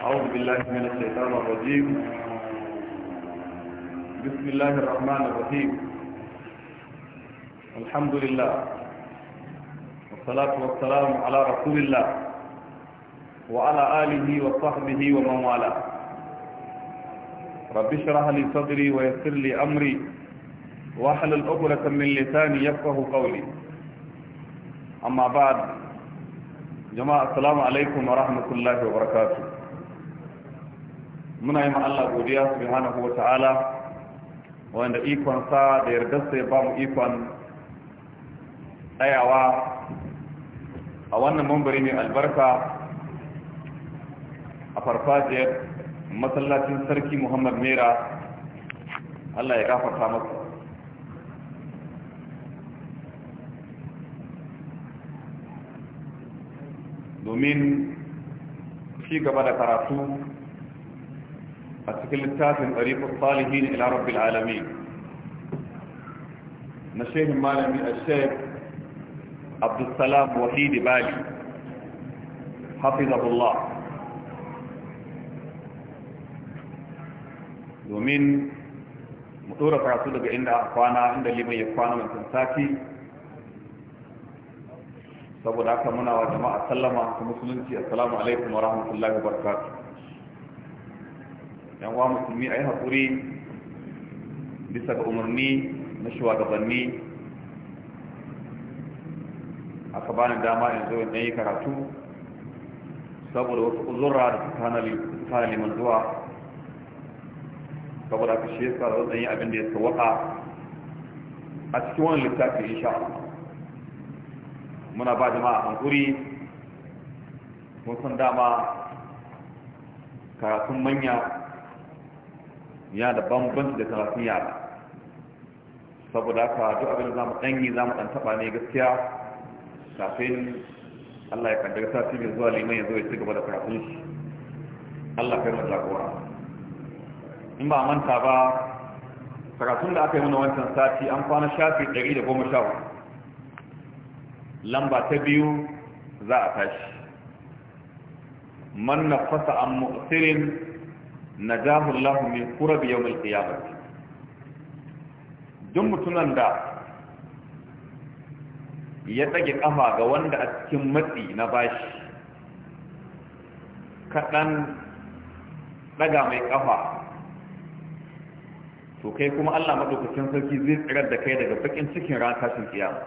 أعوذ بالله من الشيطان الرجيم بسم الله الرحمن الرحيم الحمد لله والصلاة والسلام على رسول الله وعلى آله وصحبه ومن والاه رب اشرح لي صدري ويسر لي أمري واحلل عقدة من لساني يفقه قولي أما بعد جماعة السلام عليكم ورحمة الله وبركاته muna yi Allah godiya subhanahu wata'ala wanda ikon sa da yardarsa ya ba mu ikon tsayawa a wannan mambari mai albarka a farfajiyar masallacin sarki muhammad mera Allah ya gafarta masa domin ci gaba da karatu السكن التاسم طريق الصالحين إلى رب العالمين نشيه مالمي الشيخ عبد السلام وحيد بالي حفظه الله ومن مطورة رسولة عند أخوانا عند اللي من يخوانا من تنساكي سبو داكا منا وجماعة سلمة في السلام عليكم ورحمة الله وبركاته yan wa musulmi a yi haƙuri bisa ga umarni na shugabanni aka bani dama in zo in yi karatu saboda wasu uzurra da suka hana liman zuwa saboda ka shi yasa da yi abin da ya sawaka a cikin wani littafi insha Allah muna ba jama'a hankuri mun san dama karatun manya ya da bambanci da karatun yara saboda haka duk abin da zamu danyi zamu dan taba ne gaskiya kafin Allah ya kaddara sai mai zuwa liman ya zo ya cigaba da karatu shi Allah kai mu jagora in ba manta ba karatun da aka yi mana wancan sati an kwana shafi 114 lamba ta biyu za a tashi man nafasa an mu'sirin najahu Lahu min kurab yawm qiyamah duk mutunan da ya dage kafa ga wanda a cikin matsi na bashi kaɗan ɗaga mai kafa to kai kuma Allah maɗaukacin sarki zai tsirar da kai daga bakin cikin ran tashin kiyama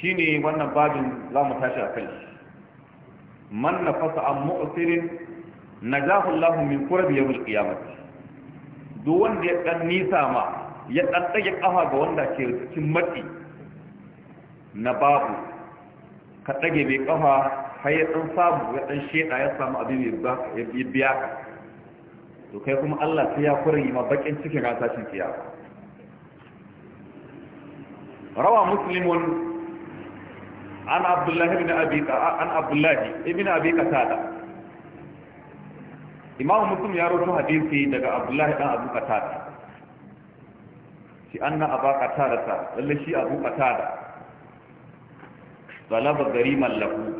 shine wannan babin za mu tashi a kai man nafasa an mu'sirin najahu Allah min ya yawm ya mace. duk wanda ya ɗan nisa ma ya dan tsage kafa ga wanda ke cikin matsi na babu ka tsage bai kafa har ya ɗan samu ya ɗan shaida ya samu abin ba ya biya to kai kuma Allah sai ya kurin ma bakin cikin rasashin kiyama rawa muslimun an abdullahi ibn abi an abdullahi ibn abi qatada imam muslim ya rawaito hadisi daga abdullahi dan abu qatada shi anna aba qatada ta lalle shi abu qatada talaba gariman lahu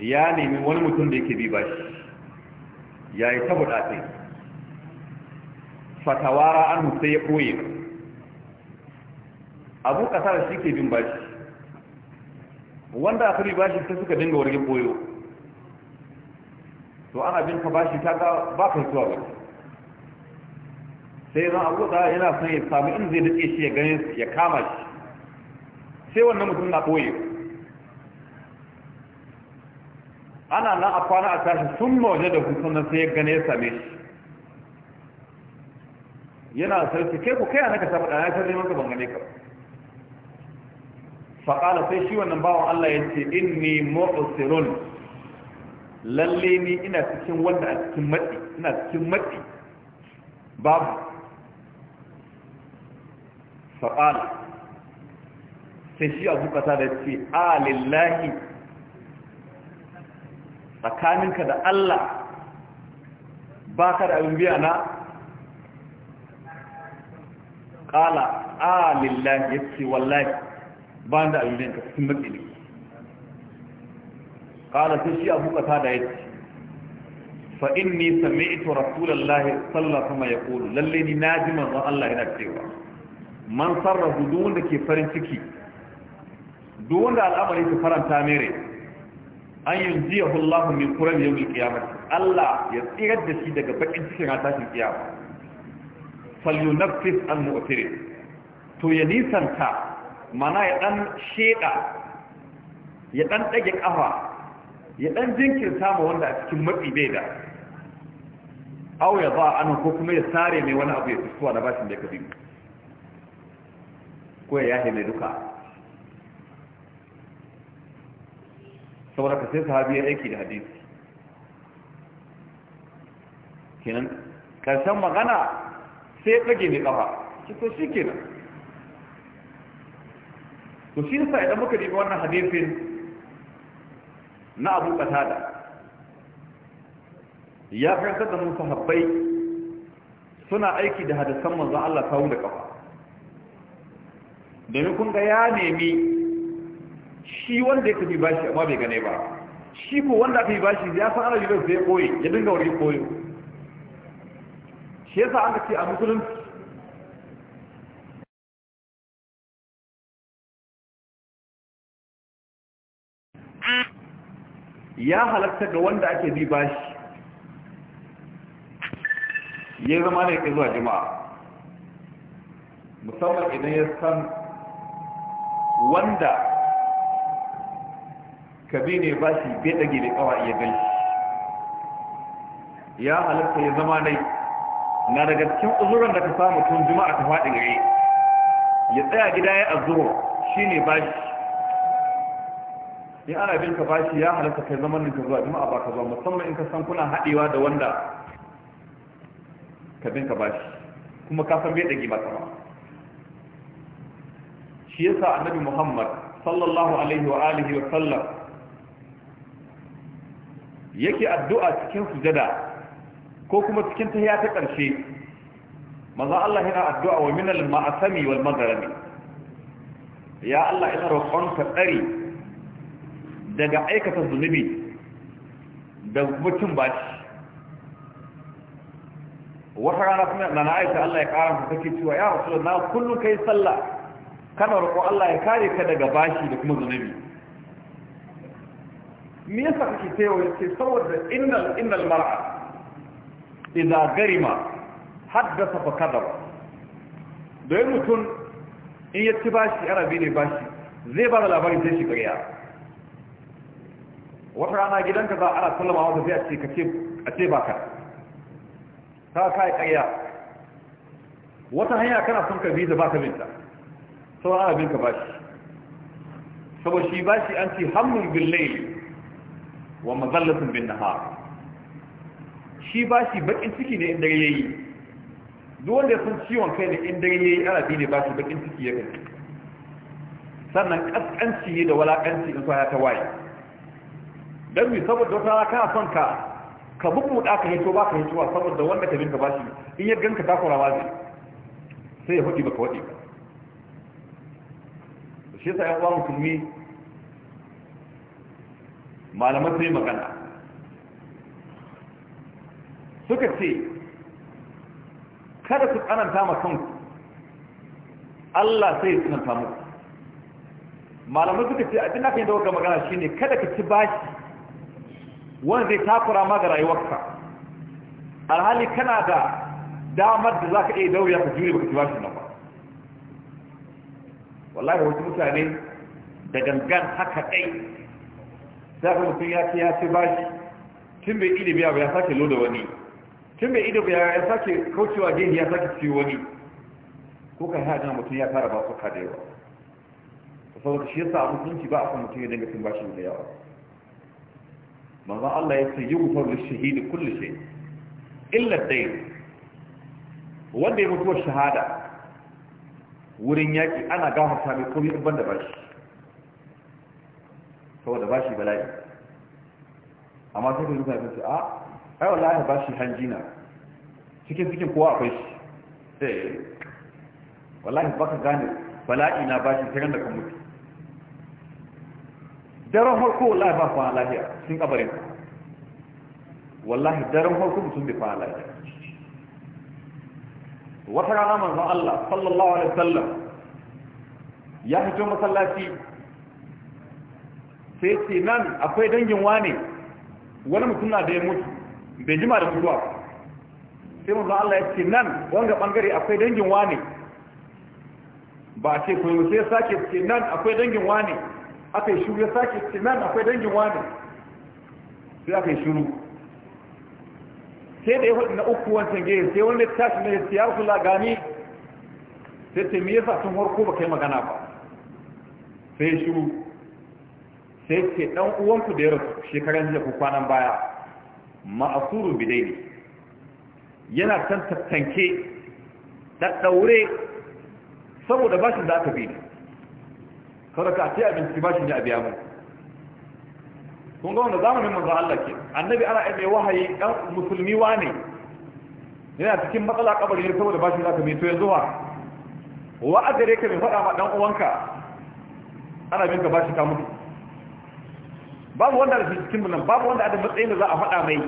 ya nemi wani mutum da yake bi bashi ya yi ta buɗaɗe fatawara an sai ya ɓoye abu ƙasar shi ke bin bashi wanda aka bi bashi sai suka dinga wargin boyo to ana bin ka bashi ta ga ba kai zuwa ba sai zan abu da yana son ya samu in zai dace shi ya gane ya kama shi sai wannan mutum na boye ana nan a kwana a tashi sun mawaje da hutun nan sai ya gane ya same shi yana sarki ke ku kai a naka samu ɗana ta neman ka ban gane ka faƙala sai shi wannan bawan Allah ya ce inni mu'sirun lalle ni ina cikin wanda a cikin matsi ina cikin matsi babu faƙala sai shi abu kata da ce a lillahi tsakaninka da Allah ba ka da abin biya na ƙala a lillahi ya ce wallahi ba da ayyukan ka cikin matsi ne kala sai shi abu kata da ya yake fa inni sami'tu rasulullahi sallallahu ya yaqulu lalle ni na naji manzon Allah yana cewa man sarrafu duk wanda ke farin ciki duk wanda al'amari su faranta mere an yunjiyahu Allah min kuram yawmil qiyamah Allah ya tsirar da shi daga bakin cikin tashin kiyama falyunaffis an mu'tirin to ya nisanta mana ya dan sheɗa, ya dan dage kafa ya dan jinkirta ma wanda a cikin matsi bai da au ya ba an ko kuma ya sare mai wani abu ya tsuwa da bashin da ka bi ko ya yahe mai duka saboda ka sai sahabi ya aiki da hadisi kenan karshen magana sai ya tsage mai kafa shi shi kenan to shi yasa idan muka dibi wannan hadisin na Abu Qatada ya karantar da mun sahabbai suna aiki da hadisan manzon Allah kawo da kafa domin kun ga ya nemi shi wanda ya tafi bashi amma bai gane ba shi ko wanda aka yi bashi ya san ana yi zai koyi ya dinga wani koyi shi yasa an ka ce a musulunci ya halatta ga wanda ake bi bashi ya zama ne ke zuwa jima'a musamman idan ya san wanda kabi ne bashi bai dage da kawai ya gan ya halatta ya zama ne na daga cikin uzuran da ka samu tun jima'a ta faɗi gari. ya tsaya gida ya azuro ne bashi in ana bin ka bashi ya halatta kai zaman ninka zuwa juma'a ba ka zuwa musamman in ka san kuna haɗewa da wanda ka bin ka bashi kuma ka san bai ɗage ba ba shi yasa annabi muhammad sallallahu alaihi wa alihi wa sallam yake addu'a cikin sujada ko kuma cikin tahiya ta ƙarshe maza Allah yana addu'a wa minal ma'asami wal magarami ya Allah ina roƙon ka tsari daga aikata zunubi da mutum ba shi wata rana kuma na na aisha Allah ya kara ku cewa ya rasu na kullum kai sallah kana roƙo Allah ya kare ka daga bashi da kuma zunubi me yasa kake cewa yace saboda innal innal mar'a idza garima haddasa fa kadaba dai mutum in ya ci bashi arabi ne bashi zai ba da labarin sai shi ƙarya wata rana gidanka za ana sallama wata sai a ce a ce baka ta kai karya. wata hanya kana son ka bi da baka minta sau ana bin ka bashi saboda shi bashi an ce hammun bin laili wa mazallatin bin nahar shi bashi bakin ciki ne in dare yi. duk wanda ya san ciwon kai ne in dare yayi ana bi ne bashi bakin ciki ya kai sannan ƙasƙanci ne da walaƙanci in so ya ta waye dan saboda wata ka son ka ka bubbuda ka hito ba ka hitowa saboda wanda ka binka bashi in ya ganka takurawa zai sai ya hudi baka waɗe ba shi yasa ya uwa musulmi malaman sai magana suka ce kada su tsananta ma kanku Allah sai ya tsananta muku malamai suka ce abin da ka yi da waka magana shine kada ka ci bashi wanda zai takura ma da rayuwarka alhali kana da damar da za ka iya dauriya ka jure ka ci bashin na ba wallahi wasu mutane da gangan haka ɗai za ka mutum ya ce ya ce bashi tun bai ido biya ba ya sake loda wani tun bai ido biya ya sake kaucewa gehi ya sake ciwo wani ko kan na mutum ya fara ba su kadewa saboda shi yasa abin sunci ba a kan mutum ya dinga cin bashi da yawa manzon Allah ya ce yughfar lishahidi kullu shay illa dai wanda ya mutuwa shahada wurin yaki ana gafarta mai ko in banda bashi saboda bashi bala'i amma sai kuma mutane su a ai wallahi bashi hanjina cikin cikin kowa akwai shi sai eh, wallahi baka gane bala'i na bashi sai ganda da mutu daren harko wallahi ba fa lafiya sun kabarin wallahi daren harko mutum bai fa lafiya wata rana manzon Allah sallallahu alaihi wasallam ya fito masallaci sai ce nan akwai dangin wane wani mutum na da ya mutu bai jima da mutuwa sai manzon Allah ya ce nan wanga bangare akwai dangin wane ba ce kuma sai sake ce nan akwai dangin wane aka yi shuru ya sake ce akwai dangin wani sai aka yi shuru sai da ya hudu na uku wancan gaya sai wani tashi na ya kula gani sai ce mai yasa sun harko ba kai magana ba sai shuru sai ce dan uwanku da ya rasu shekaran jiya ko kwanan baya ma'asurun bidai ne yana can tattanke da ɗaure, saboda bashin da aka bi sadaka a ce abinci ba shi ne a biya mu kun ga wanda zamanin manzo Allah ke annabi ana ai mai wahayi dan musulmi wane yana cikin matsala kabari ne saboda bashi zaka mai to zuwa. wa wa adare ka mai fada ma dan uwanka ana bin ka bashi ka mutu babu wanda da cikin mun babu wanda a da matsayin da za a fada mai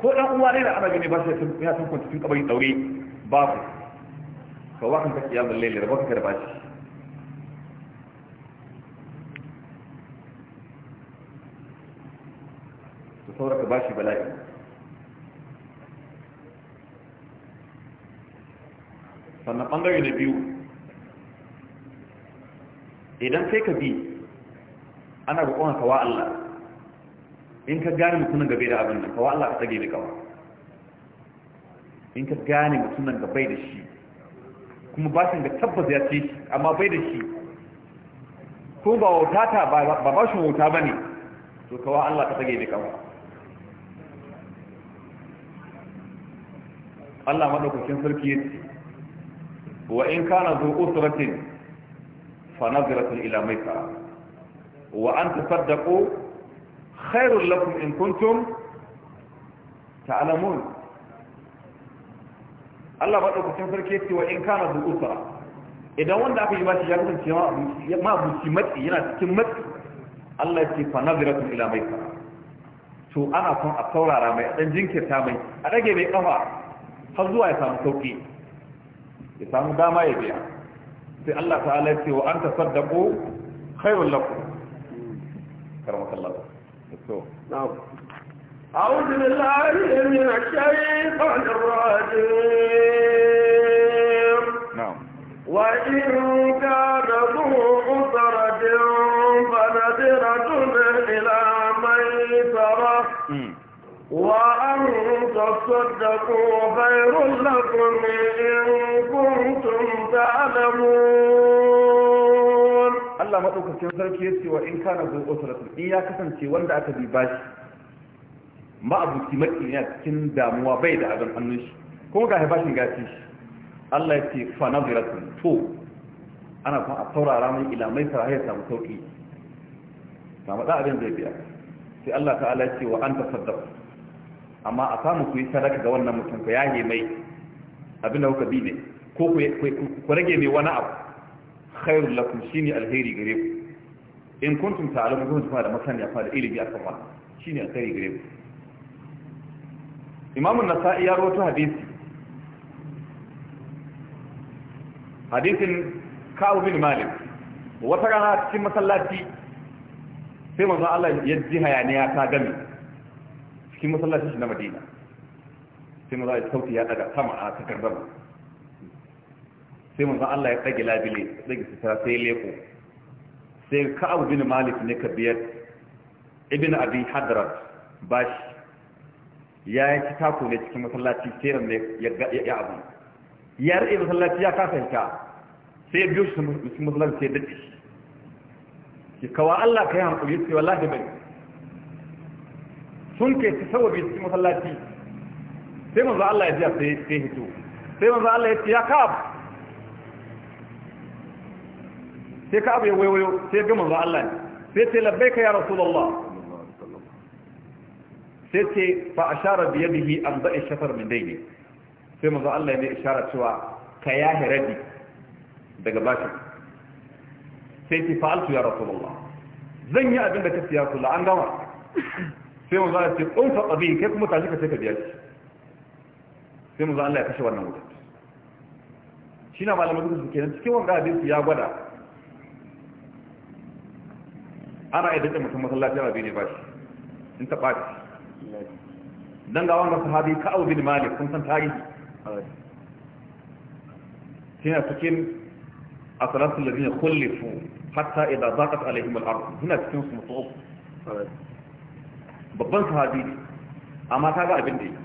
ko dan uwa ne da ana gani bashi ya tun kwanta cikin kabari daure babu ka wa kan ka kiyamul layl rabaka ka da bashi saboda ka bashi bala'i sannan bangare na biyu idan sai ka bi ana roƙon kawa Allah in ka gane mutunan gabe da abin da kawa Allah ka tsage da kawa in ka gane mutunan gabe da shi kuma bashin ga tabbas ya ce shi amma bai da shi kuma ba wutata ba bashin wauta ba ne to kawa Allah ka tsage da kawa Allah madaukakin sarki ya ce, wa in kana zu usratin fa nazratun ila maisara wa an tasaddaqu khairul lakum in kuntum ta'lamun Allah madaukakin sarki ya ce, wa in kana zu usra idan wanda aka yi bashi ya kasance ma abuci matsi yana cikin matsi Allah ce fa nazratun ila maisara to ana son a saurara mai a dan jinkirta mai a rage mai kafa har zuwa ya samu sauki ya samu dama ya biya sai Allah ta'ala ce wa anta saddaqu khairul lakum karamakallahu so now أعوذ بالله من الشيطان الرجيم نعم وإن كان ذو عسرة فنذرة إلى ميسرة وأن تصدقوا خير لكم إن كنتم تعلمون الله ما تقول كيف وإن كان ذو أسرة إيا كسن سيوان وند أكدي ما أبو كمك إياه كن داموا بيد أبن أنش كون قاعد باش نقاتيش الله يتي فنظرة تو أنا كون أطور أرامي إلى ميسر هيسا متوكي فما لا أبن زي بيا سي الله تعالى يتي وأنت صدقت amma a samu ku yi sadaka ga wannan mutum ku yaye mai abinda kuka bi ne ko ku rage mai wani abu khairul lakum shine alheri gare ku in kuntum ta'lamu kuma kuma da masaniya fa da ilimi akan wannan shine alheri gare ku Imam an-Nasa'i ya rawaito hadisi hadisin Ka'ab bin Malik wata rana cikin masallaci sai manzo Allah ya ji hayaniya ta gami cikin masallaci na madina sai maza ya sauti ya daga sama a takardar sai maza Allah ya tsage labile tsage su ta sai leko sai ka ka'ab bin malik ne ka biyar ibn abi hadrat Bash ya yi tako ne cikin masallaci sai ran ya abu ya rike masallaci ya kasa ka sai biyo shi cikin masallaci sai dace ki kawa Allah kai hankali sai wallahi bai sun kai ta saboda cikin masallaci sai manzo Allah ya jiya sai sai hito sai manzo Allah ya ce ya kab sai kab ya wayo sai ga manzo Allah sai ce labbaika ya rasulullah sai ce fa ashara bi yadihi an ba'i shafar min daini sai manzo Allah ya ishara cewa ka ya hiradi daga bashi sai ce fa'altu ya rasulullah zan yi abin da kace ya rasulullah an gama sai manzo Allah ce kun fa qabi kai kuma tashi ka sai ka biya shi sai manzo Allah ya kashe wannan wuta shi na malamai duka suke nan cikin wanga hadisi ya gwada ana iya dace mutum masallaci ana bi ne ba shi in ta ɓaci dan ga wanga sahabi ka ka'ab bin malik kun san tarihi shi na cikin asalatul ladina khulifu hatta idza daqat alaihim al-ard hina cikin su mutu babban sahabi ne amma ta ga abin da yi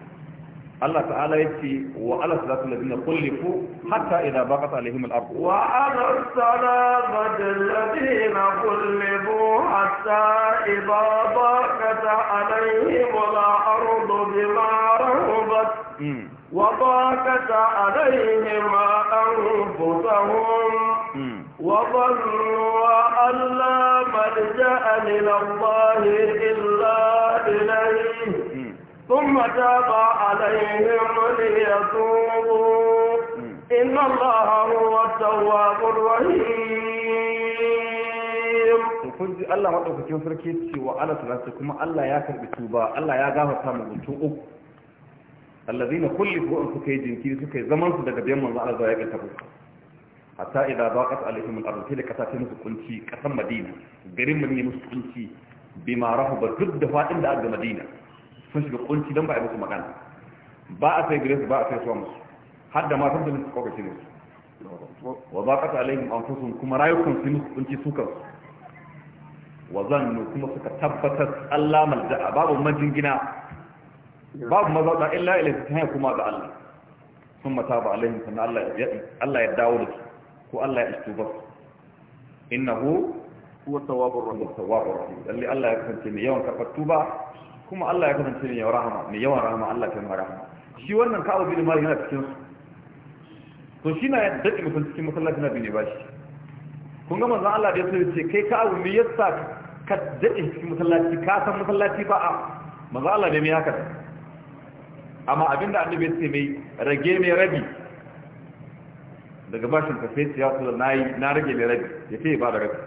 Allah ta'ala ya ce wa ala salatu ladina kullifu hatta idza baqat alaihim al-ard wa ala salatu ladina kullifu hatta idza baqat alaihim al-ard bima rahabat hmm. wa baqat alaihim anfusuhum وظنوا أن لا ملجأ من الله إلا إليه ثم تاب عليهم ليتوبوا إن الله هو التواب الرحيم kun Allah maɗaukakin sarki cewa Allah ta kuma Allah ya karɓi tuba Allah ya gafarta mu mutum uku allazina ko an suka yi jinkiri suka yi zaman su daga biyan manzo Allah ya ga hatta idan za ka tsali himin arziki da kasa ta musu kunci kasan madina garin mun ne musu kunci bi ma rahu ba duk da faɗin da aka madina sun shiga kunci don ba a musu magana ba a sai Grace ba a sai suwa musu har da matan da musu kwakwace musu wa za ka tsali himin amfusun kuma rayukan su musu kunci su kansu wa zannu kuma suka tabbatar Allah malja'a babu majingina babu mazauna illa ilai ta hanyar kuma ga Allah sun mata ba alaihin sannan Allah ya dawo da su ko Allah ya istuba innahu huwa tawwabur rahim tawwabur rahim dalli Allah ya kasance mai yawan karɓar tuba kuma Allah ya kasance mai yawan rahama mai yawan rahama Allah ta yawan rahama shi wannan ka'ab bin malik yana cikin su to shi na daɗe mutum cikin masallaci na bin bashi kun ga manzon Allah da ya ce kai ka'ab me yasa ka daɗe cikin masallaci ka san masallaci ba a manzon Allah da me haka amma abinda annabi ya ce mai rage mai rabi daga bashin shinkafe su ya kula na yi na rage mai rabi ya ce ba da rabi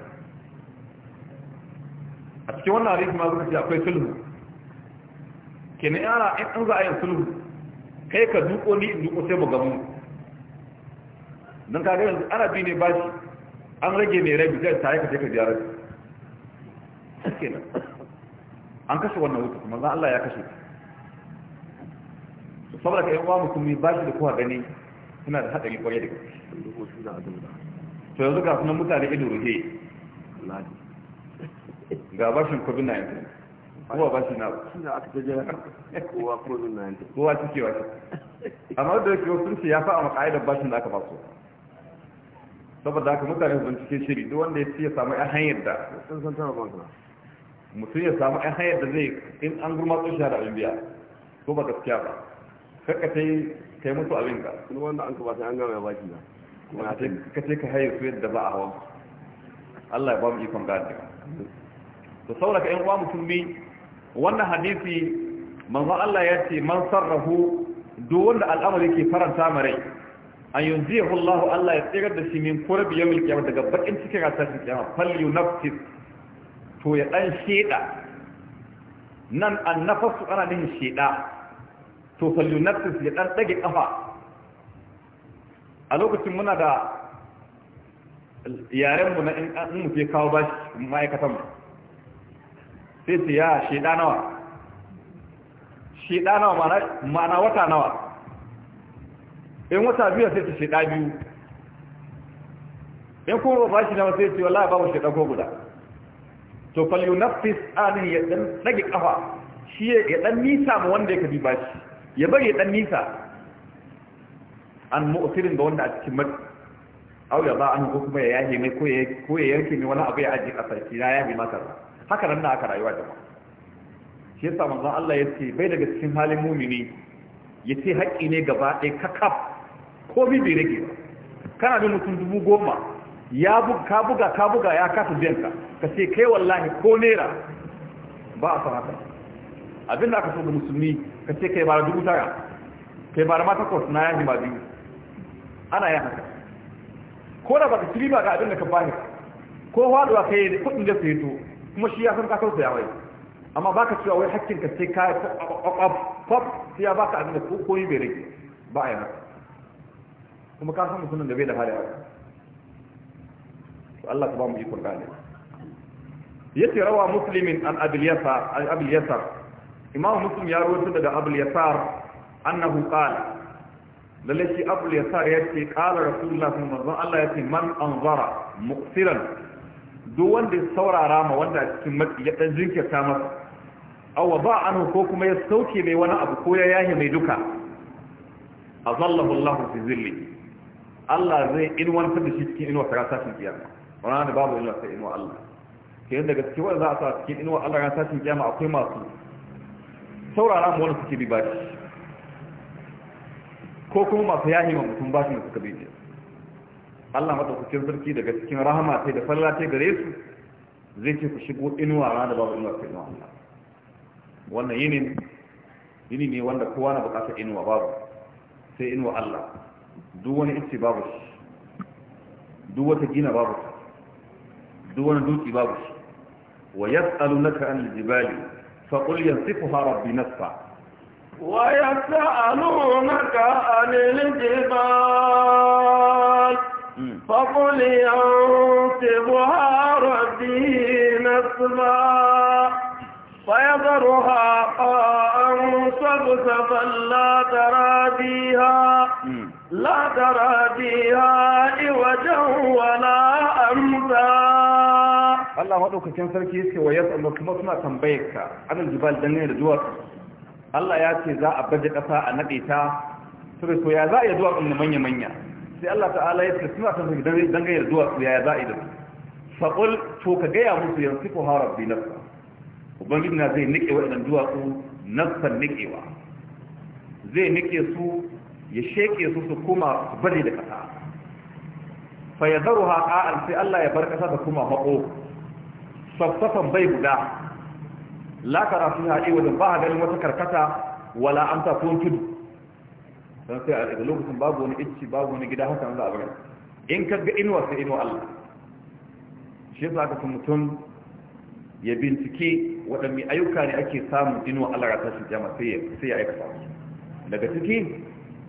a cikin wannan hadisi ma zuka ce akwai sulhu na yana in an za a yin sulhu kai ka duko ni in duko sai mu gamu don kaga yanzu ana bi ne bashi an rage mai rabi zai ta ka je ka biya rabi an kashe wannan wuta kuma za Allah ya kashe saboda ka yi uwa musulmi bashi da kowa gani suna da haɗari kwarai da gaske to yanzu ga mutane ido ruhe ga bashin covid-19 kowa bashi na kowa covid-19 kowa cike wa amma da yake wasu ce ya fa'a maka'idar bashin da aka faso saboda haka mutane sun cike shiri duk wanda ya ce ya samu yan hanyar da mutum ya samu yan hanyar da zai in an gurma tsoshi da abin biya ko ba gaskiya ba kakka ta yi kai musu abin ka kuma wanda an kuma sai an gama ya baki na kuma ka ce ka haye su yadda ba a hawa Allah ya ba mu ikon gadi to saboda ka ƴan uwa musulmi wannan hadisi manzo Allah ya ce man sarrahu duk wanda al'amari ke faranta mare an yunzihu Allah Allah ya tsigar da shi min kurbi yawmil qiyamah daga bakin cikin ratashin kiyama fal yunafis to ya dan sheda nan annafasu ana nihin sheda to falyunafis ya ɗan ɗage ƙafa a lokacin muna da yarenmu na in mutu kawo ba ma'aikatan mu sai su ya sheda nawa sheda nawa ma'ana wata nawa in wata biyu sai su sheda biyu in kuma ba shi nawa sai su wala ba mu sheda ko guda to falyunafis anin ya ɗan ɗage ƙafa shi ya ɗan nisa ma wanda ya bi ba shi ya bari dan nisa an mu'sirin ga wanda a cikin mat au ya ba an ko kuma ya yaje mai ko ya yake yanke mai wani abu ya aje kasar ki ya yaje maka haka nan da aka rayuwa da shi yasa manzon Allah yace bai daga cikin halin mumini yace haƙi ne gaba ɗaya kakaf ko bi bi rage kana da mutum dubu goma ya ka buga ka buga ya kasa biyanka ka ce kai wallahi ko naira ba a san haka abin da aka so da musulmi ka ce kai bara dubu tara kai bara mata takwas na yaji ba biyu ana yin haka ko da ba baka ci ba ga abin da ka bani ko faduwa kai da kudin da sai to kuma shi ya san ka sauka ya wai amma ka cewa wai hakkin ka sai ka pop sai ya ka abin da ko yi bai rage ba a yi haka kuma ka san mutumin da bai da hali to Allah ta ba mu ikon gane yace rawa muslimin an abiliyasa an abiliyasa imam muslim ya rawaito daga abul yasar annahu qala lalle shi abul yasar ya ce qala rasulullah sallallahu alaihi Allah ya ce man anzara muqsiran duk wanda ya saurara ma wanda cikin ya dan jinkirta masa aw ba anhu ko kuma ya sauke mai wani abu ko ya yahi mai duka azallahu Allah fi zilli Allah zai inwantar da shi cikin inuwa ta tashin kiyama wannan babu inuwa sai inuwa Allah ke yadda cikin wanda za a sa cikin inuwa Allah ran tashin kiyama akwai masu saurara mu wani suke bi ba ko kuma masu yahi ma mutum ba shi da suka bi Allah madaukakin sarki daga cikin rahama sai da falla sai gare su zai ce ku shigo inuwa rana da babu inuwa sai inuwa Allah wannan yinin yini ne wanda kowa na bukatar inuwa babu sai inuwa Allah duk wani ice babu shi duk wata gina babu shi duk wani dutse babu shi wa yas'alunaka an jibali فقل ينصفها ربي نصفا ويسألونك عن الجبال فقل ينصفها ربي نصفا فيذرها قاء صبصبا لا ترى فيها لا ترى فيها عوجا ولا أمتا Allah maɗaukakin sarki yake wa yas'alu kuma suna tambayar ka anil jibal dangane da duwatsu Allah ya ce za a baje ƙasa a naɗe ta sai so ya za a yi duwatsu ne manya manya sai Allah ta'ala ya ce suna tambayar dangane da duwatsu ya za a yi da su faƙul to ka gaya musu yanzu ko harar bi nafsa ubangiji na zai niƙe waɗannan duwatsu nafsan niƙewa zai niƙe su ya sheƙe su su kuma su bari da ƙasa fa ya zaruha ƙa'an sai Allah ya bar ƙasa da kuma haƙo sassafan bai guda la tara fiha iwadan ba ganin wata karkata wala an ta kun tudu dan sai a lokacin babu wani icci babu wani gida haka za a bari in ka ga inuwa sai inuwa Allah shi yasa aka san mutum ya bincike mai ayyuka ne ake samun inuwa Allah rata tashin jama sai sai ya aikata daga ciki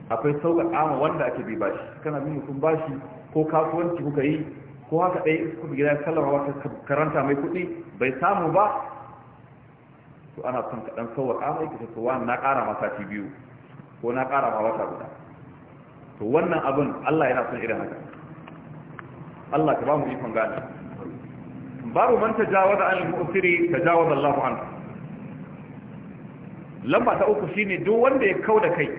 akwai sauƙaƙa wanda ake bi bashi kana bin mutum bashi ko kasuwanci kuka yi ko haka ɗaya iska kuma gida sallama wata karanta mai kuɗi bai samu ba to ana son kaɗan sauwar amai ka to wani na ƙara ma sati biyu ko na ƙara ma wata guda to wannan abin Allah yana son irin haka Allah ka ba mu ikon gane babu man tajawaza an mu'siri tajawaza Allahu anhu lamba ta uku shine duk wanda ya kauda kai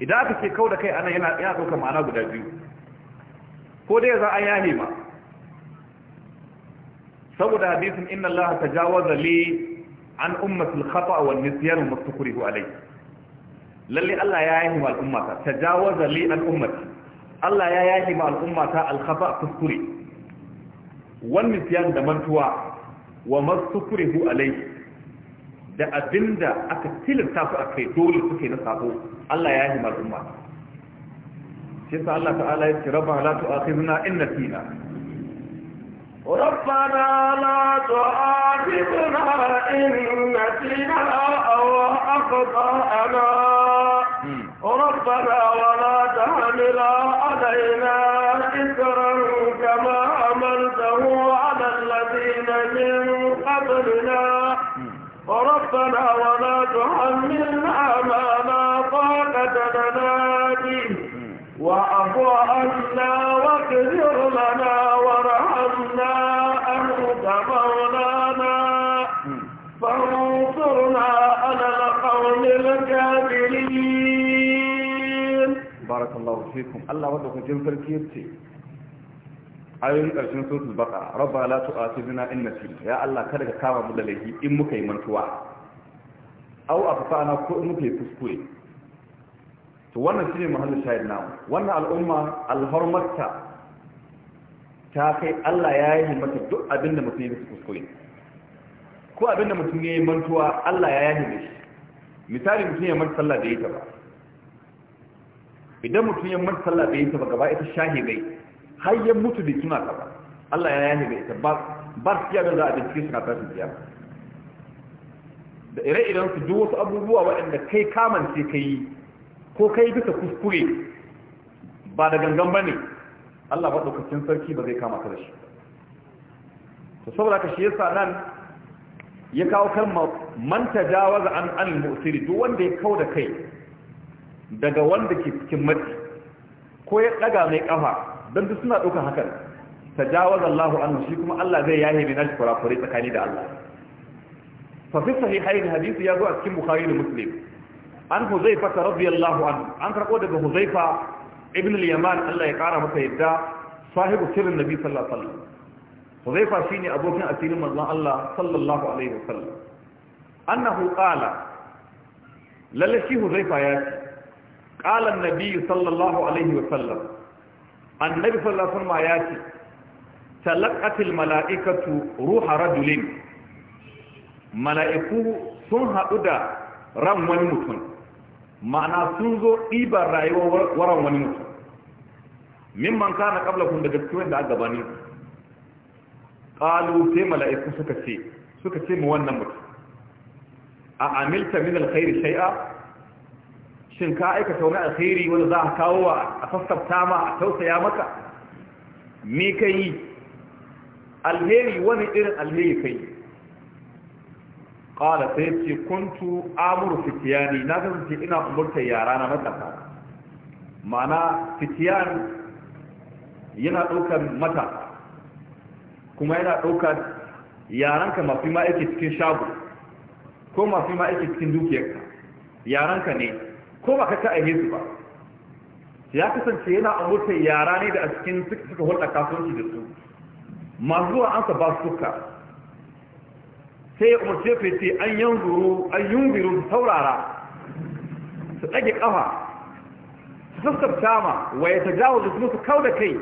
idan aka ce kauda kai ana yana yana ɗaukar ma'ana guda biyu ko dai za a yahi ma saboda hadisin inna Allah tajawaza li an ummati al-khata wa an-nisyan wa tukrihu alayhi lalle Allah ya yahi ma al-ummata tajawaza li an ummati Allah ya yahi ma al-ummata al-khata kuskure wan nisyan da mantuwa wa mastukrihu alayhi da abinda aka tilasta su akai dole suke na sabo Allah ya yahi ma al-ummata shi الله تعالى ta'ala ربنا لا تؤاخذنا إن tu'akhidhna ربنا لا تؤاخذنا إن نسينا أو أخطأنا ربنا ولا تحمل علينا إسرا كما عملته على الذين من قبلنا ربنا ولا تحملنا ما لا طاقة لنا به وعفو عنا واغفر لنا وارحمنا أنت مولانا فانصرنا على القوم الكافرين بارك الله فيكم الله ودك جنفر كيبتي ayoyin ƙarshen suratul baqa rabba la tu'akhidna in nasina ya Allah kada ka kama mu da laifi in muka yi mantuwa aw afsana ko in muka yi kuskure to wannan shine muhallin shahid namu wannan al'umma alhormarta ta kai Allah ya yi mata duk abin da mutum ya bisa kuskure ko abin da mutum ya yi mantuwa Allah ya yi shi misali mutum ya manta sallah da ya ba idan mutum ya manta sallah da ya ba gaba ita shahidai har ya mutu da tuna ta ba Allah ya yi ita ba ba su yadda za a bincike suna tashin biya da ire-iren su duk wasu abubuwa waɗanda kai kamance ka yi ko kai bisa kuskure ba da gangan ba ne Allah ba ɗaukacin sarki ba zai kama ka da shi to saboda ka shi yasa nan ya kawo kalma manta tajawaza an an musiri duk wanda ya kau da kai daga wanda ke cikin mati ko ya daga mai kafa don duk suna ɗaukar hakan tajawaza anhu shi kuma Allah zai yahe ne nashi kurakurai tsakani da Allah fa yi sahihain hadisi ya zo a cikin Bukhari da Muslim an huzaifa ta radiyallahu anhu an karɓo daga huzaifa ibn al-yaman Allah ya ƙara masa yadda sahibu sirrin nabi sallallahu alaihi wasallam huzaifa shine abokin asirin manzon Allah sallallahu alaihi wasallam annahu qala lalle shi huzaifa ya ce qala an-nabi sallallahu alaihi wasallam annabi sallallahu alaihi wasallam ya ce talaqatil mala'ikatu ruha rajulin mala'iku sun haɗu da ran wani mutum ma'ana sun zo ɗiban rayuwar waran wani mutum min man kana kabla kun daga cikin da aka bani qalu sai mala'iku suka ce suka ce mu wannan mutum a amilta min alkhairi shay'a shin ka aikata wani alkhairi wanda za ka kawo a sassafta ma a tausaya maka me kai alheri wani irin alheri kai qala sai ce kuntu amuru fitiyani na kasance ina umurta yara na matasa ma'ana fitiyan yana ɗaukar matasa kuma yana ɗaukar yaranka mafi ma'aiki cikin shago ko mafi ma'aiki cikin dukiyarka yaranka ne ko ba ka ta aihe su ba ya kasance yana umurta yara ne da a cikin suka hulɗa kasuwanci da su masu zuwa an ba su suka sai ya umarce ku ce an yanzuru an yunziru saurara su ɗage ƙafa su sassabta ma wa ta tajawo da kuma su kau da kai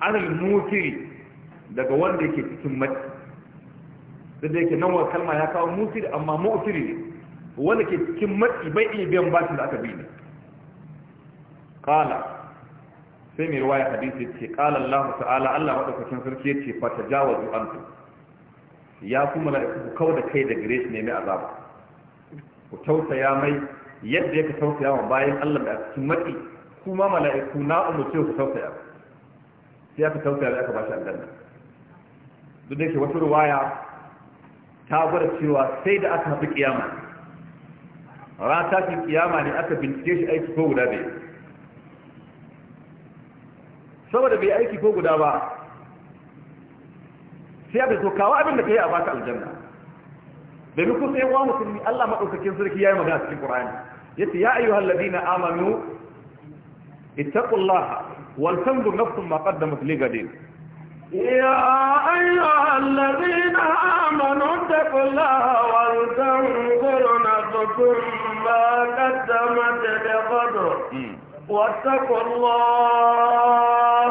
anil mutiri daga wanda yake cikin mati duk da yake nan wa kalma ya kawo mutiri amma mutiri ne wanda ke cikin mati bai iya biyan bashin da aka bi ne kala sai mai ruwa ruwaya hadisi ce kala Allah ta'ala Allah madaukakin sarki yace fa tajawazu antum ya ku mala'iku ku da kai da gare shi mai azaba ku tausaya mai yadda yake tausaya wa bayan Allah da cikin matsi kuma mala'iku na ce ku tausaya sai aka tausaya da aka shi aljanna duk da yake wata ruwaya ta gwada cewa sai da aka haɗu kiyama ran tashin kiyama ne aka bincike shi aiki ko guda bai saboda bai aiki ko guda ba sai aka zo kawo abin da kai a baka aljanna domin kun sai wa musulmi Allah madaukakin sarki yayi magana cikin Qur'ani yace ya ayyuhal ladina amanu ittaqullaha wal tanzur nafsun ma qaddamat li gadin يا أيها الذين آمنوا اتقوا الله ولتنظر نفس ما قدمت لغد واتقوا الله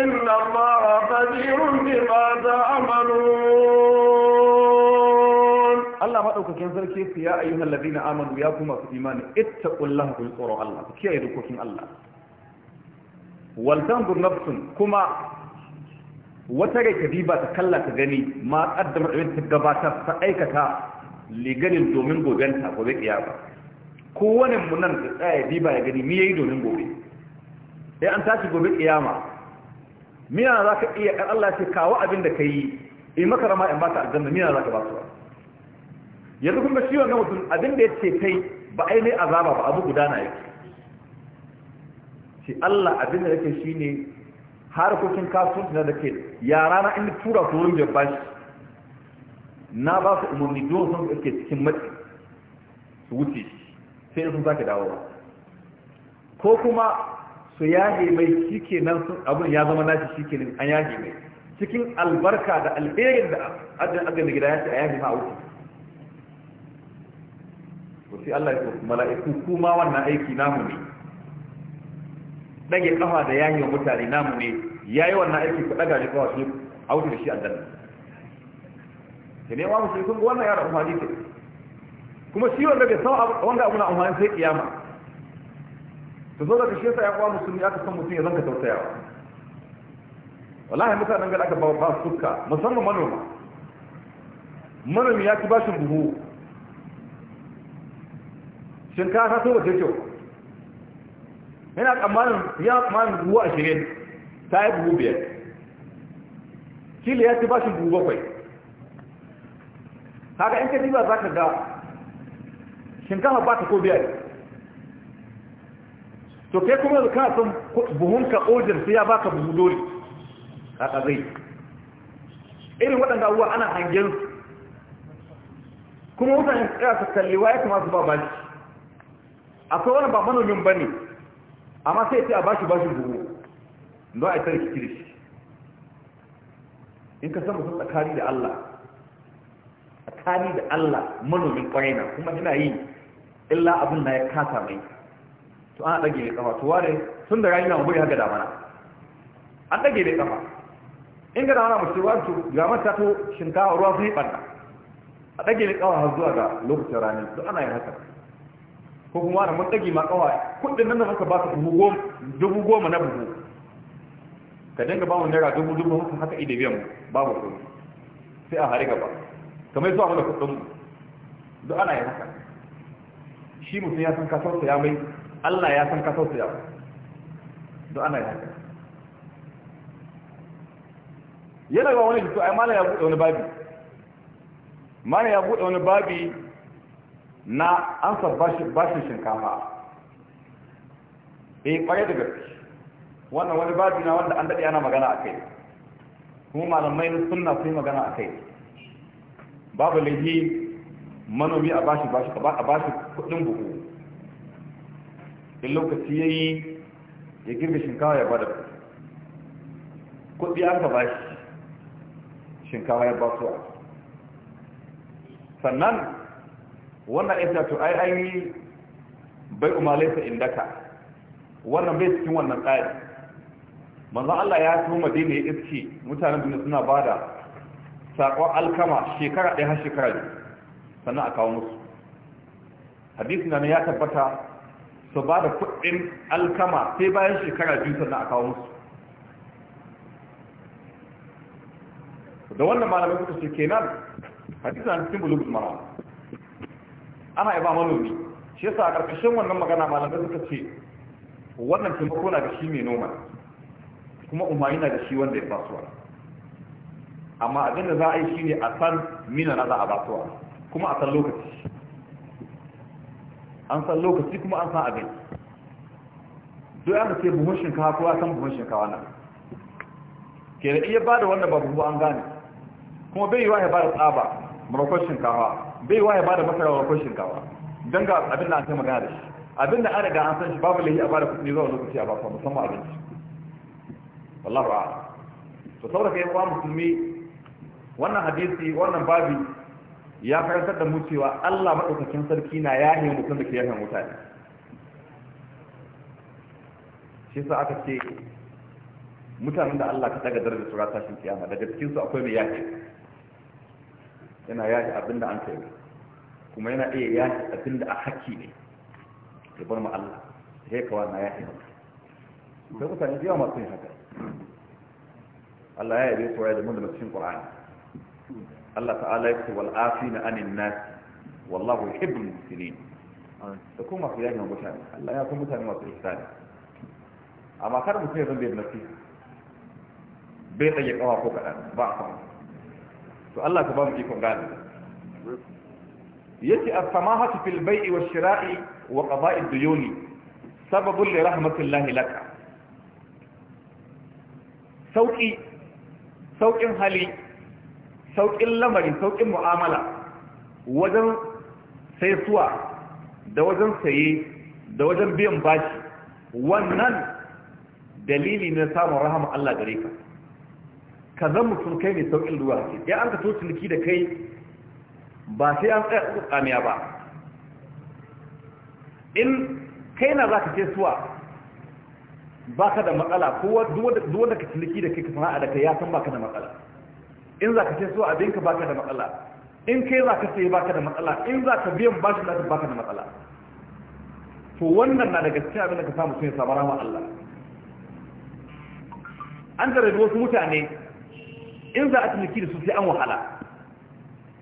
إن الله خبير بما تعملون الله ما أوكا كان ذلك يا أيها الذين آمنوا يا كما في إيمان اتقوا الله بالقرى الله كي يدكوكين الله ولتنظر نفس كما وترى كذيبة تكلا تغني ما قدمت من تقباتها فأيكتها لغني الدومين بغنتها وبيك يا أبا kowane munan da tsaya ba ya gani mi yayi domin gobe sai an tashi gobe kiyama mina za ka iya ɗan Allah ce kawo abin da ka yi in maka rama in ba ka aljanna mina za ka ba su yanzu kuma ga shi wannan mutum abin da ya ce kai ba ai mai azaba ba abu gudana yake shi Allah abin da yake ne harkokin kasuwanci na da ke yara na inda tura su wurin jabba shi na ba su umarni don sun ke cikin matsi su wuce shi sai sun sake dawo ba ko kuma su yage mai shike nan abin ya zama nashi shike nan an yage mai cikin albarka da alherin da adin adin gida ya ce a yage ma a wuce ko sai Allah ya so mala'iku kuma wannan aiki namu ne dage kafa da yayi wa mutane namu ne yayi wannan aiki ku daga ne kawai shi a wuce da shi aljanna ne wa musulmi kun ga wannan ya rabu hadisi kuma shi wanda bai san wanda abu na amfani sai kiyama to zo daga shi yasa ya kwa musulmi aka san mutum ya zanka tausayawa wallahi mutanen gada aka ba basu suka musamman manoma manomi ya ci bashin buhu shinkafa to wace kyau yana tsammanin ya tsammanin buhu ashirin ta yi buhu biyar kila ya ci bashin buhu bakwai haka in ka diba za ka ga shinkafa ba ta ko biya ne to kai kuma da kana son buhunka ojin sai ya baka buhu dole a ƙazai irin waɗanda abubuwa ana hangen su kuma mutane su tsaya su kalli ya kamata su ba a akwai wani ba manomin ba ne amma sai ce a bashi shi buhu don a yi tsarki shi. in ka san mutum tsakani da Allah tsakani da Allah manomin kwaina kuma ina yi illa abin na ya kasa mai to ana ɗage mai kafa to ware tun da rayu na mu ga da mana. an ɗage mai kafa in ga mana mace wa su ga mata to shinkawa ruwa sun yi ɓanna a ɗage mai kafa har zuwa ga lokacin rani to ana yin haka ko kuma da mun ɗage ma kafa kuɗin nan da muka ba su dubu goma na buhu ka dinga ba mu naira dubu dubu haka haka ide biyan babu kuɗi sai a hari gaba kamar zuwa mana kuɗin mu duk ana yin haka shi mutum ya san kasar ya mai Allah ya san kasar ya mai don ana yi haka yana ga wani jiso ai mana ya buɗe wani babi mana ya buɗe wani babi na an bashin shinkafa eh kwaye da gaske wannan wani babi na wanda an daɗe ana magana a kai kuma malamai sunna sun yi magana a kai babu lahi manomi a bashi bashi a bashi kudin buhu in lokaci ya yi ya girbe shinkawa ya bada kudi an ka bashi shinkawa ya basuwa sannan wannan ya to ai an yi bai umalaita indaka wannan bai cikin wannan tsari manzan Allah ya so madina ya iske mutanen duniya suna bada saƙon alkama shekara ɗaya har shekara biyu sannan a kawo musu hadisi na ya tabbata su ba da kuɗin alkama sai bayan shekara biyu sannan a kawo musu da wannan malamai suka ce kenan hadisi na cikin bulugul mara ana yaba manomi shi yasa a ƙarƙashin wannan magana malamai suka ce wannan taimako na da shi mai noma kuma umari na da shi wanda ya basuwa amma abinda za a yi shi ne a san mina na za a basuwa kuma a san lokaci an san lokaci kuma an san abin duk an ce buhun shinkawa ko a san buhun shinkawa nan ke da iya bada wanda ba buhu an gane kuma bai yiwa ya bada tsaba marakon shinkawa bai yiwa ya bada masara marakon shinkawa don ga abin da an kai magana da shi abin da an riga an san shi babu lahi a bada kuɗi zuwa lokaci a bakon musamman abinci wallahu a'ala to saboda kai uwa musulmi wannan hadisi wannan babi ya fahimtar da mu cewa Allah maɗaukakin sarki na yahe mutum da ke yahe mutane shi sa aka ce mutanen da Allah ka daga darajar su rata shin kiyama daga cikin su akwai mai yahe yana yahe abin da an kai kuma yana iya yahe abin da a haƙƙi ne ya bar mu Allah sai kawa na yahe maka sai mutane da yawa masu yin haka Allah ya yi su da mun da masu cikin Qur'ani الله تعالى يكتب والآفين عن الناس والله يحب المحسنين. تكون ما في الله يكون متى نوات الإحسان أما كان مسلم ذنبي ابن فيه بيت أي قوة فوق الآن بعضهم فالله تبام فيكم قال يتي السماحة في البيع والشراء وقضاء الديون سبب لرحمة الله لك سوقي سوقي هالي sauƙin lamari sauƙin mu'amala wajen saisuwa da wajen saye da wajen biyan bashi wannan dalili ne samun rahama Allah gare ka ka zan mutum kai mai sauƙin ruwa ke ya an ka to ciniki da kai ba sai an tsaya uku tsamiya ba in kai na za ka ce suwa ba ka da matsala ko duk wanda ka ciniki da kai ka sana'a da kai ya san ba ka da matsala in za ka ce so abinka baka da matsala in kai za ka sai baka da matsala in za ka biyan bashin da baka da matsala to wannan na daga cikin abin da ka samu sun samu rama Allah an tare da wasu mutane in za a ciniki da su sai an wahala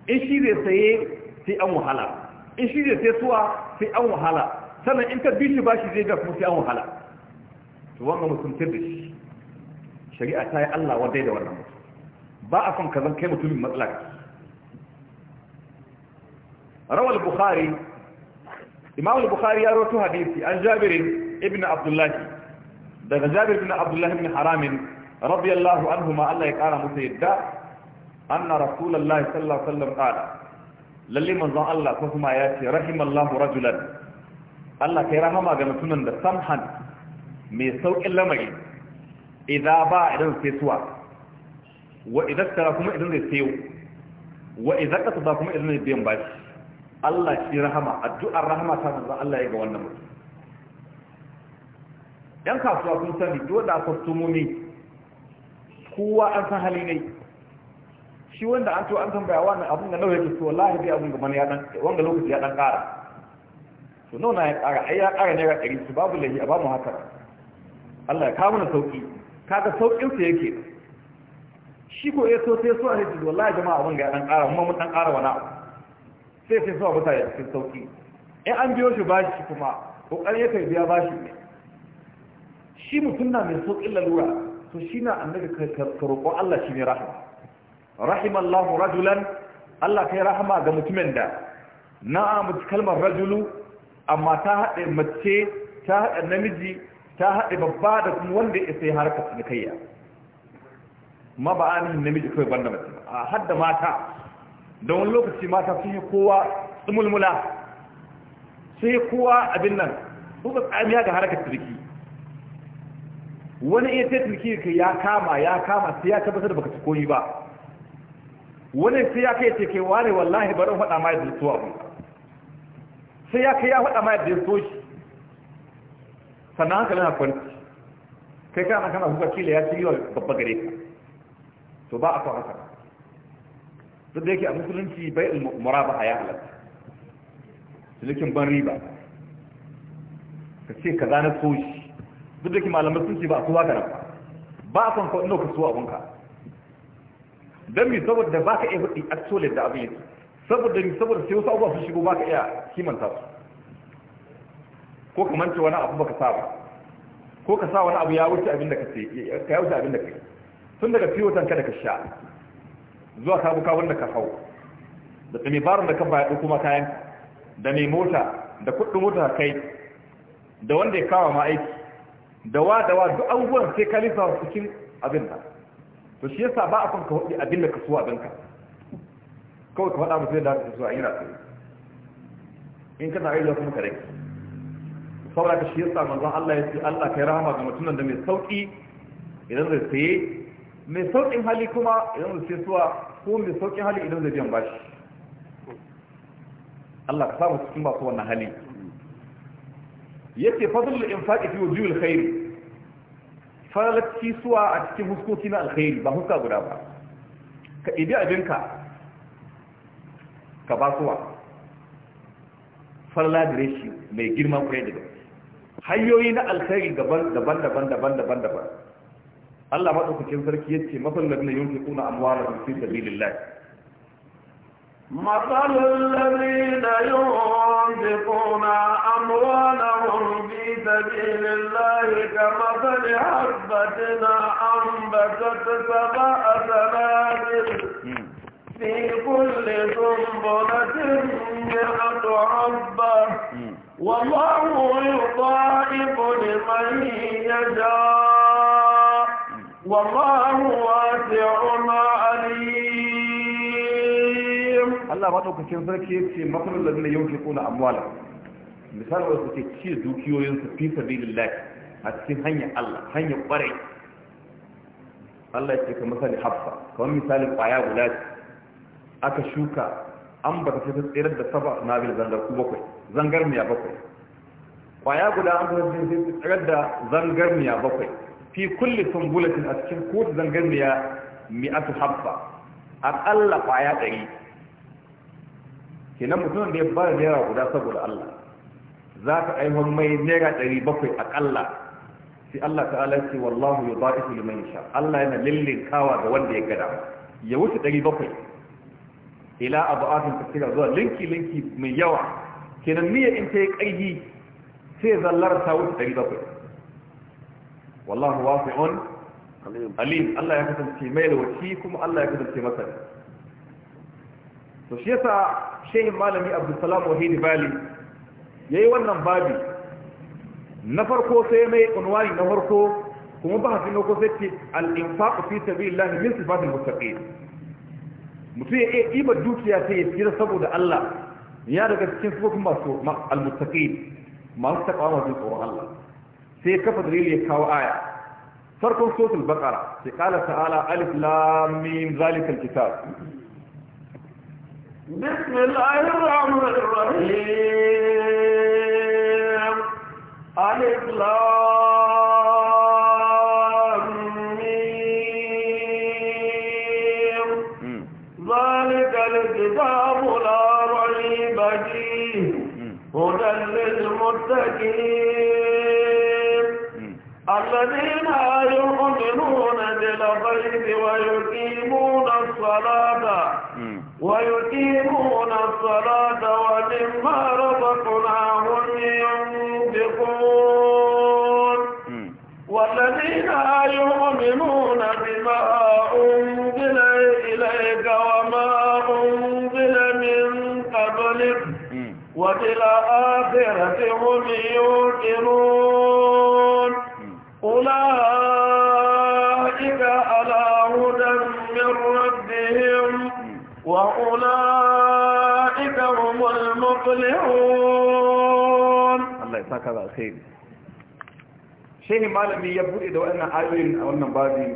in shi zai saye sai an wahala in shi zai sai suwa sai an wahala sannan in ka bi shi ba shi zai ga kuma sai an wahala to wannan mutum tir da shi shari'a ta yi Allah wadai da wannan mutum ba a kan kazan kai mutumin matsala ka rawal bukhari imam bukhari ya rawaito hadisi an jabirin ibn Abdullahi. daga jabir ibn Abdullahi ibn Haramin, radiyallahu anhu ma Allah ya kara musa yadda anna rasulullahi sallallahu alaihi wasallam qala lalle manzon Allah ko kuma ya ce rahimallahu rajulan Allah kai rahama ga mutumin da samhan mai saukin lamari idan ba idan sai suwa wa idan tara kuma idan zai sayo wa idan ka ba kuma idan zai biyan bashi Allah shi rahama addu'ar rahama ta manzo Allah ya ga wannan mutum yan kasuwa kun sani dole da kwastomomi kowa an san hali ne shi wanda an to an baya wannan abun da nawa yake so wallahi dai abun gaban ya dan wanga lokaci ya dan ƙara to nawa na ya ƙara ai ya ƙara naira ɗari su babu lahi a bamu haka Allah ya kawo na sauki kaga saukin sa yake shi ko ya so sai so a hajji wallahi jama'a abin ga dan ƙara kuma mun dan ƙara wani abu sai sai so a mutane cikin sauki in an biyo shi bashi kuma kokarin ya kai biya bashi ne shi mutum na mai illa lalura to shi na annabi ka roƙo Allah shi ne rahama rahimallahu rajulan Allah kai rahama ga mutumin da na mutu kalmar rajulu amma ta haɗe mace ta haɗe namiji ta haɗe babba da kuma wanda ya sai harkar kaiya. ma ba namiji kawai banda mace a hadda mata da wani lokaci mata sun yi kowa tsumulmula sun yi kowa abin nan su ba tsamiya ga harkar turki wani iya sai turki ka ya kama ya kama sai ya tabbatar da baka ci koyi ba wani sai ya kai ce kai wane wallahi barin faɗa ma yadda zuwa ku sai ya kai ya faɗa ma yadda ya so shi sannan haka na kwanci kai kana kana hukaki kila ya ci yi wa babba gare ka to ba a kawo haka duk da yake a musulunci bai umara ba a ya halatta cinikin ban riba ka ce ka zana soshi duk da yake malamai sun ce ba a kowa ga ba ba a kan kawo ka suwa abinka don mi saboda ba ka iya hudu a solid da abin yake saboda mi saboda sai wasu abubuwa sun shigo ba ka iya kimanta su ko ka mance wani abu ba ka saba ko ka sa wani abu ya wuce abin da ka ce ka ya wuce abin da ka yi tun daga fiyotan ka da ka sha zuwa ka buka wanda ka hau da tsami barin da ka bayar kuma kayan da mai mota da kuɗin mota kai da wanda ya kawo ma'aiki da wa da wa duk abubuwan sai ka lisa cikin abin da to shi yasa ba a kan ka hudu abin da ka so abin ka kawai ka faɗa musu yadda ka so a yi rasu in kana aiki kuma ka rage saboda ka shi yasa manzon Allah ya ce Allah kai rahama ga mutumin da mai sauki idan zai saye mai sauƙin hali kuma idan da sai suwa ko mai sauƙin hali idan da biyan bashi Allah ka samu cikin masu wannan hali yace da infaqi fi wujuhil khair falalci suwa a cikin huskoki na alkhairi ba huska guda ba ka ibi abinka ka ba suwa farla da reshi mai girman kwaye da hanyoyi na alkhairi daban daban daban daban daban daban Allah madaukakin sarki yace mafal ladina yunfiquna amwalahum fi sabilillah مثل الذين ينفقون أموالهم في سبيل الله كمثل حبة أنبتت سبع سنابل في كل سنبلة مئة حبة والله يضاعف لمن يشاء والله واسع عليم الله ما دوka kin sarki yace masalul ladina kuna amwala misal wasu ke ci dukiyoyin su fi sabilillah a cikin hanyar Allah hanyar kwarai Allah yake kamar misali habba kamar misali kwaya guda aka shuka an bata baka ta tsirar da saba na bil zangar ku bakwai zangar miya bakwai kwaya guda an baka ta tsirar da zangar miya bakwai fi kulli sumbulatin a cikin kotu su mi'atu A aƙalla ƙwaya ɗari kenan mutumin da ya ba da naira guda saboda Allah za ka aihon mai naira ɗari bakwai a aƙalla sai Allah ta'ala ce wallahu ya ba'isu liman sha Allah yana lillin kawa ga wanda ya gada ya wuce ɗari bakwai ila abu'atin tafsira zuwa linki linki mai yawa kenan niyya in ta yi ƙarfi sai zallar ta wuce ɗari bakwai wallahu wasi'un alim Allah ya kasance mai lawaci kuma Allah ya kasance masani to shi yasa shehin malami Abdulsalam Wahidi Bali yayi wannan babi na farko sai mai unwani na farko kuma ba hafi na ko sai ce al-infaq fi sabilillah min sifatil muttaqin mutum ya iya ibar dukiya sai ya tsira saboda Allah ya daga cikin sifofin masu al-muttaqin masu takawa masu tsoron Allah في كف دليلية كاو آية فرق سورة البقرة قال تعالى ألف لام ميم ذلك الكتاب بسم الله الرحمن الرحيم ألف لام الغيب ويقيمون الصلاة ويقيمون الصلاة ومما رزقناهم ينفقون والذين يؤمنون بما أنزل إليك وما أنزل من قبلك وبالآخرة هم يوقنون وأولئك هم المفلحون الله يساك على خير shehin malami ya bude da wannan ayoyin a wannan babi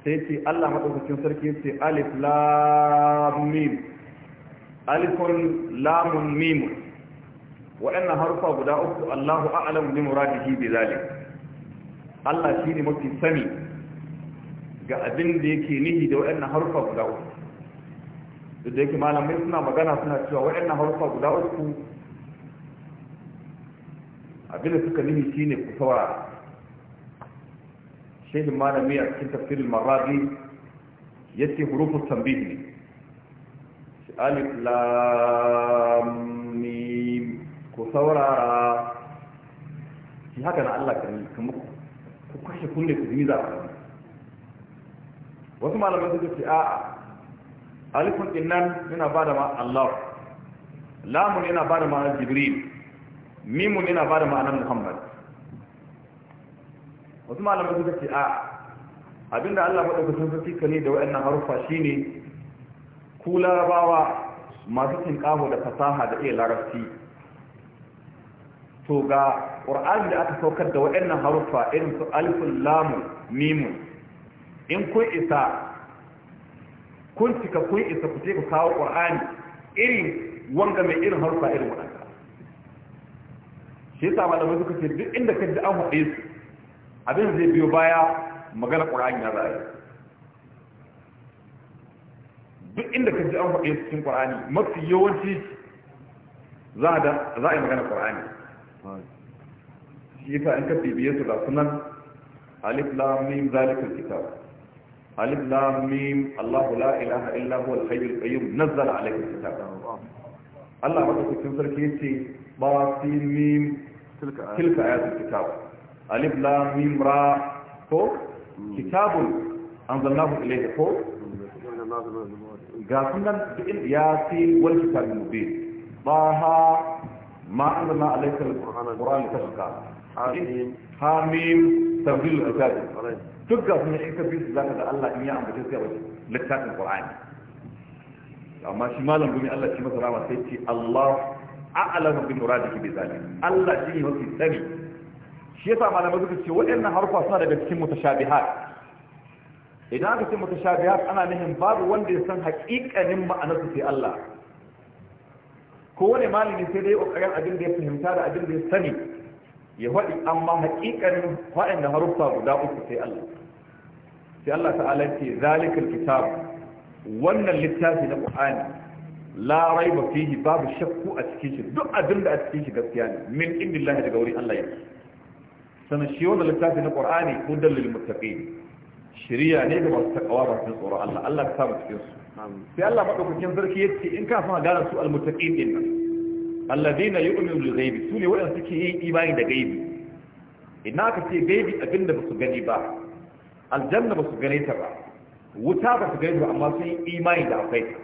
sai ce Allah madaukakin sarki ce alif lam mim alifun lamun mim waɗannan harfa guda uku Allahu a'lamu bi muradihi bi zalik Allah shine mafi sani ga abin da yake nihi da waɗannan harfa guda uku duk da yake malamai suna magana suna cewa waɗannan haruffa guda uku abinda suka nihi shine ku saurara shehin malami a cikin tafsirin maradi ya ce hurufun tambih ne shi alif lamim ku saurara shi haka na allah kan kuma ku kashe kunne ku jini za wasu malamai suka ce a'a alifun din yana ba da ma Allah lamun yana ba da ma'anar jibril mimun yana ba da ma'anar muhammad wasu malamai suka ce a abinda Allah maɗaukacin sarki ka ne da wa'annan haruffa shine ku larabawa masu tinkaho da fasaha da iya larabci to ga ƙur'ani da aka saukar da wa'annan haruffa irin su alifun lamun mimun in kun isa kun cika kun isa ku je ku kawo qur'ani irin wanga mai irin harfa irin wannan shi yasa malamai suka ce duk inda ka ji an haɗe su abin zai biyo baya magana qur'ani ya zai duk inda ka ji an haɗe su cikin qur'ani mafi yawanci za a yi magana qur'ani shi yasa in ka bibiye su ga sunan alif lam mim zalikal kitab alif lam mim Allah la ilaha illa huwa al-hayyul qayyum nazzala alayka al-kitab Allah madaukakin sarki yace ba fi mim tilka tilka ayatul kitab alif lam mim ra ko hmm. kitabun anzalnahu ilayka ko ga sunan ya fi wal kitab mubin ba ha ma anzalna alayka al-qur'ana tashqa hamim tafsirul kitab duk ga sun shi kafin su da Allah in ya ambace sai wajen littafin Qur'ani amma shi malam gumi Allah shi masa rama sai ce Allah a'lamu bi muradihi bi zalim Allah shi ne mafi sani shi yasa malamai suka ce waɗannan harfa suna daga cikin mutashabihat idan aka ce mutashabihat ana nufin babu wanda ya san haƙiƙanin ma'anarsu sai Allah kowane malami sai dai abin da ya fahimta da abin da ya sani ya faɗi amma haƙiƙanin da haruffa guda uku sai Allah sai Allah ta'ala ce zalikal kitab wannan littafi na Qur'ani la raiba fihi babu shakku a cikin shi duk abin da a cikin shi gaskiya ne min indillahi daga wurin Allah yake sanan shi wannan littafi na Qur'ani hudan lil muttaqin shiriya ne ga masu takawa ba cikin tsoro Allah Allah ka sa mu cikin su sai Allah madaukakin sarki yace in ka san gane su al muttaqin din nan allazina yu'minu bil su ne waɗansu ke yin imani da gaibi idan aka ce gaibi abinda su gani ba aljanna basu gane ta ba wuta ba su gani ba amma sun yi imani da akwai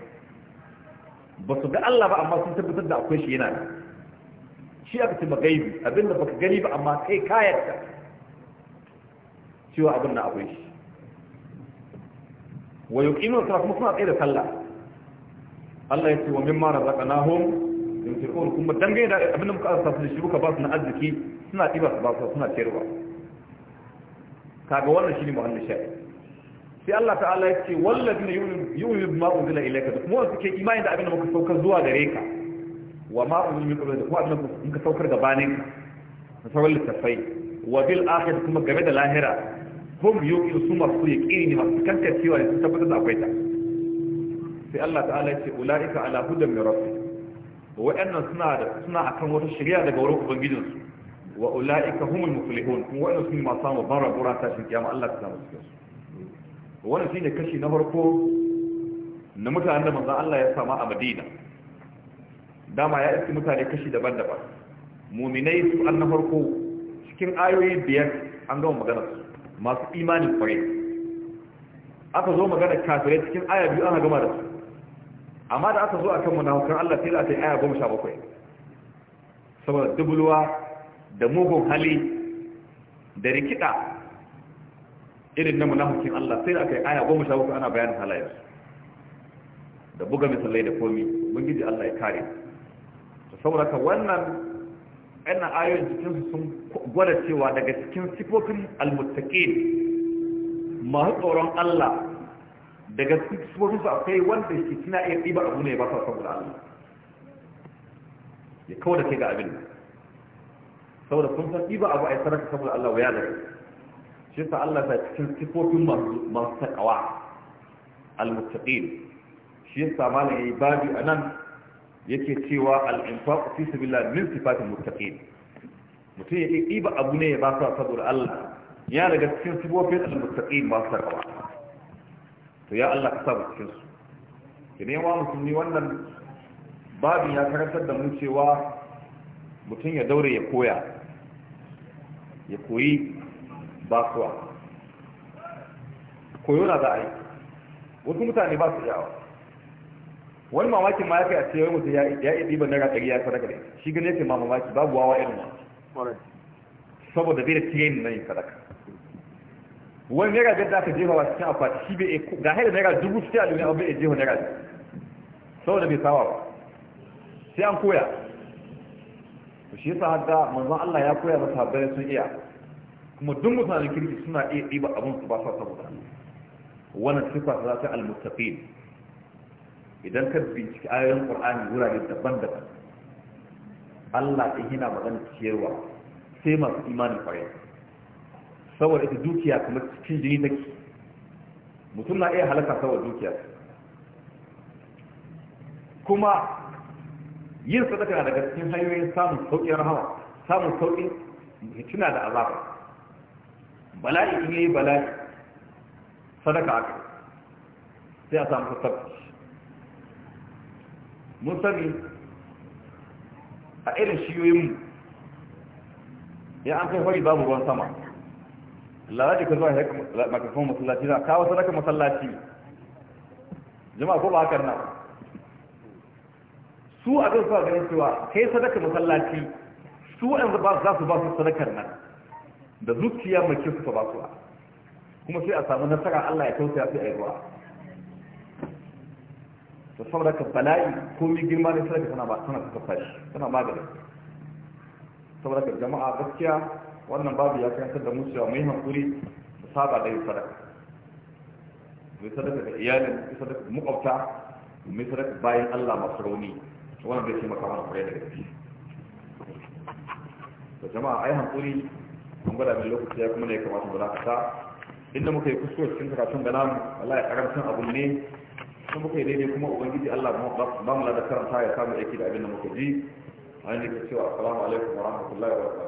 ba su ga Allah ba amma sun tabbatar da akwai shi yana da shi aka ce magaibi abinda su gani ba amma kai ka yarda cewa abin na akwai shi wa yuqinu kuma suna tsaye da sallah Allah ya ce wa mimma razaqnahum yunfiqun kuma dangane da abin muka azurta su shi muka ba su na arziki suna ɗiba su ba su suna ciyarwa kaga wannan shine muhallin shari'a sai Allah ta'ala ya ce wallazina yu'minu bima unzila ilayka da kuma suke imani da abinda muka saukar zuwa gare ka wa ma unzila min qabla da kuma abinda muka saukar gabanin ka da sauran littafai wa bil akhirati kuma game da lahira hum yu'minu su masu yaqini masu kankancewa ne su tabbatar da akwai ta sai Allah ta'ala ya ce ulaika ala hudan min rabbik waɗannan suna da suna akan wata shari'a daga wurin ubangijin su wa ulaika humul muflihun kuma waɗannan sun masu samu bara gura ta shi kiyama Allah ta samu cikin su wannan shine kashi na farko na mutanen da manzon Allah ya sama a Madina dama ya iske mutane kashi daban-daban muminai su an na farko cikin ayoyi biyar an gama magana su masu imanin kwarai aka zo magana kafirai cikin aya biyu an gama da su amma da aka zo akan munafukan Allah sai da ta aya 17 saboda dubulwa da mugun hali da rikida irin na munafukin Allah sai da aka yi aya 17 ana bayanin halayen da buga misalai da komi ubangiji Allah ya kare to saboda ka wannan ɗan ayoyin cikin sun gwada cewa daga cikin sifofin almuttaqin ma tsoron Allah daga sifofin su akwai wanda yake suna iya ɗiba abu ne ba sa saboda Allah ya kawo da ke ga abin saboda kun san ɗiba abu a yi sarrafa saboda Allah wa yadda shi sa Allah ta cikin sifofin masu takawa al-muttaqin shi yasa malam yayi babu anan yake cewa al-infaq fi sabilillah min sifatil muttaqin mutum ya ɗiba abu ne ya ba sa saboda Allah ya daga cikin sifofin al-muttaqin masu takawa to ya Allah ka saba cikin su ki nema musulmi wannan babin ya karantar da mu cewa mutum ya daure ya koya ya koyi basuwa koyo na za a yi wasu mutane ba su yawa wani mamakin ma ya kai a ce wai mutum ya yi ɗiban daga ɗari ya sadaka ne. shi gane ce ma mamaki babu wawa irin ma saboda bai da tiyayin nan yin sadaka wani naira biyar da aka jefa wa cikin akwati shi bai ga haida naira dubu sai a duniya abu bai jefa naira saboda bai saba ba sai an koya to shi yasa hadda manzon Allah ya koya masa habbai sun iya kuma duk mutanen kirki suna iya ɗiba abin su ba sa saboda wannan sifa ta zata al-muttaqin idan ka binciki ayoyin Qur'ani wurare daban-daban Allah ya hina magana ciyarwa sai masu imanin kwarai saboda ita dukiya kamar cikin jini take mutum na iya halaka saboda dukiya kuma yin sadaka na daga cikin hanyoyin samun sauƙin rahama samun sauƙin tuna da azaba bala'i in yi bala'i sadaka aka sai a samu sassafi. mun sani a irin shiyoyinmu ya an kai fari babu ruwan sama lalace ka zuwa makafin masallaci na kawo sadaka masallaci jama'a ko ba haka na su a zai suwa ganin cewa kai sadaka masallaci su an ba za su ba su sadakar nan da zuciya mai kyau suka ba su kuma sai a samu nasara Allah ya tausaya sai a yi ruwa to saboda ka bala'i ko komai girma da sadaka tana ba tana suka fashi tana maganin saboda ka jama'a gaskiya wannan babu ya karantar da mu cewa mai hankuri da saba da yin sadaka mai sadaka da iyalin mai sadaka da makwabta mai sadaka bayan Allah masu rauni wannan zai taimaka mana kwarai da gaske da jama'a ai hankuri mun gwada min lokaci ya kuma ne kamata mu dakata inda muka yi kuskure cikin karatun da namu wallahi karamcin abu ne sun muka yi daidai kuma ubangiji Allah ba mu da karanta ya samu aiki da abin da muka ji a yanzu yi cewa assalamu alaikum wa rahmatullahi wa barakatuh